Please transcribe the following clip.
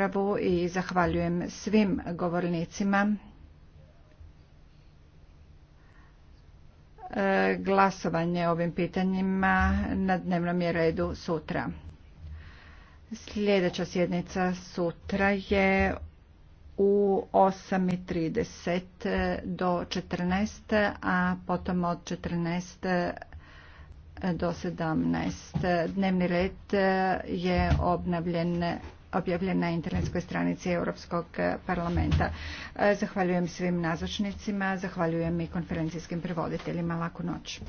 raspravu i zahvaljujem svim govornicima. E, glasovanje ovim pitanjima na dnevnom je redu sutra. Sljedeća sjednica sutra je u 8.30 do 14.00, a potom od 14.00 do 17.00. Dnevni red je obnavljen objavljen na internetskoj stranici Europskog eh, parlamenta. Eh, zahvaljujem svim nazočnicima, zahvaljujem i konferencijskim prevoditeljima. Laku noć.